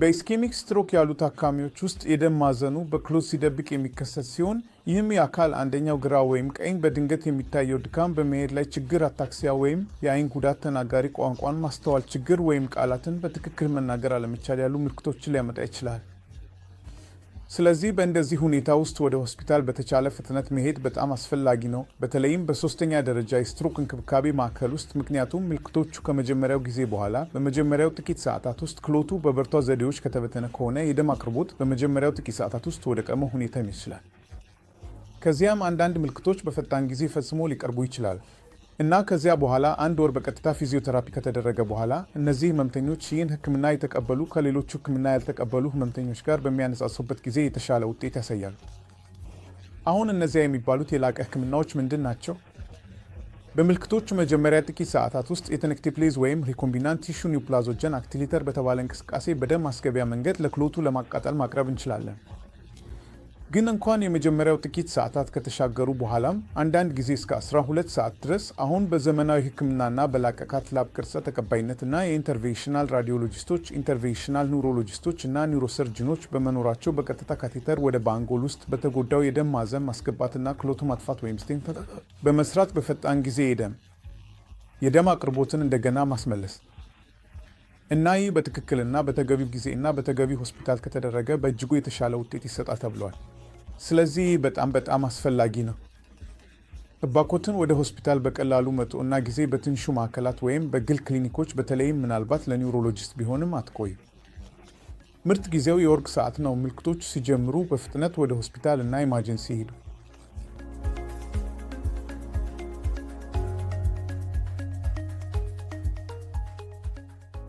በኢስኬሚክ ስትሮክ ያሉ ታካሚዎች ውስጥ የደም ማዘኑ በክሎዝ ሲደብቅ የሚከሰት ሲሆን ይህም የአካል አንደኛው ግራ ወይም ቀኝ በድንገት የሚታየው ድካም፣ በመሄድ ላይ ችግር፣ አታክሲያ ወይም የአይን ጉዳት፣ ተናጋሪ ቋንቋን ማስተዋል ችግር ወይም ቃላትን በትክክል መናገር አለመቻል ያሉ ምልክቶችን ሊያመጣ ይችላል። ስለዚህ በእንደዚህ ሁኔታ ውስጥ ወደ ሆስፒታል በተቻለ ፍጥነት መሄድ በጣም አስፈላጊ ነው፣ በተለይም በሶስተኛ ደረጃ የስትሮክ እንክብካቤ ማዕከል ውስጥ። ምክንያቱም ምልክቶቹ ከመጀመሪያው ጊዜ በኋላ በመጀመሪያው ጥቂት ሰዓታት ውስጥ ክሎቱ በበርቷ ዘዴዎች ከተበተነ ከሆነ የደም አቅርቦት በመጀመሪያው ጥቂት ሰዓታት ውስጥ ወደ ቀመ ሁኔታ ይመስላል። ከዚያም አንዳንድ ምልክቶች በፈጣን ጊዜ ፈጽሞ ሊቀርቡ ይችላል። እና ከዚያ በኋላ አንድ ወር በቀጥታ ፊዚዮተራፒ ከተደረገ በኋላ እነዚህ ህመምተኞች ይህን ህክምና የተቀበሉ ከሌሎቹ ህክምና ያልተቀበሉ ህመምተኞች ጋር በሚያነጻጽሩበት ጊዜ የተሻለ ውጤት ያሳያሉ። አሁን እነዚያ የሚባሉት የላቀ ህክምናዎች ምንድን ናቸው? በምልክቶቹ መጀመሪያ ጥቂት ሰዓታት ውስጥ የተነክቲፕሌዝ ወይም ሪኮምቢናንት ቲሹ ኒውፕላዞጀን አክቲሊተር በተባለ እንቅስቃሴ በደም ማስገቢያ መንገድ ለክሎቱ ለማቃጠል ማቅረብ እንችላለን። ግን እንኳን የመጀመሪያው ጥቂት ሰዓታት ከተሻገሩ በኋላም አንዳንድ ጊዜ እስከ 12 ሰዓት ድረስ አሁን በዘመናዊ ሕክምናና በላቀ ላብ ቅርጸ ተቀባይነትና የኢንተርቬንሽናል ራዲዮሎጂስቶች፣ ኢንተርቬንሽናል ኒውሮሎጂስቶች እና ኒውሮሰርጅኖች በመኖራቸው በቀጥታ ካቴተር ወደ ባንጎል ውስጥ በተጎዳው የደም ማዘን ማስገባትና ክሎቱ ማጥፋት ወይም ስቴንት በመስራት በፈጣን ጊዜ የደም የደም አቅርቦትን እንደገና ማስመለስ እና ይህ በትክክልና በተገቢው ጊዜ እና በተገቢው ሆስፒታል ከተደረገ በእጅጉ የተሻለ ውጤት ይሰጣል ተብሏል። ስለዚህ በጣም በጣም አስፈላጊ ነው። እባኮትን ወደ ሆስፒታል በቀላሉ መጡ እና ጊዜ በትንሹ ማዕከላት ወይም በግል ክሊኒኮች በተለይም ምናልባት ለኒውሮሎጂስት ቢሆንም አትቆዩ። ምርት ጊዜው የወርቅ ሰዓት ነው። ምልክቶች ሲጀምሩ በፍጥነት ወደ ሆስፒታል እና ኢማጀንሲ ሄዱ።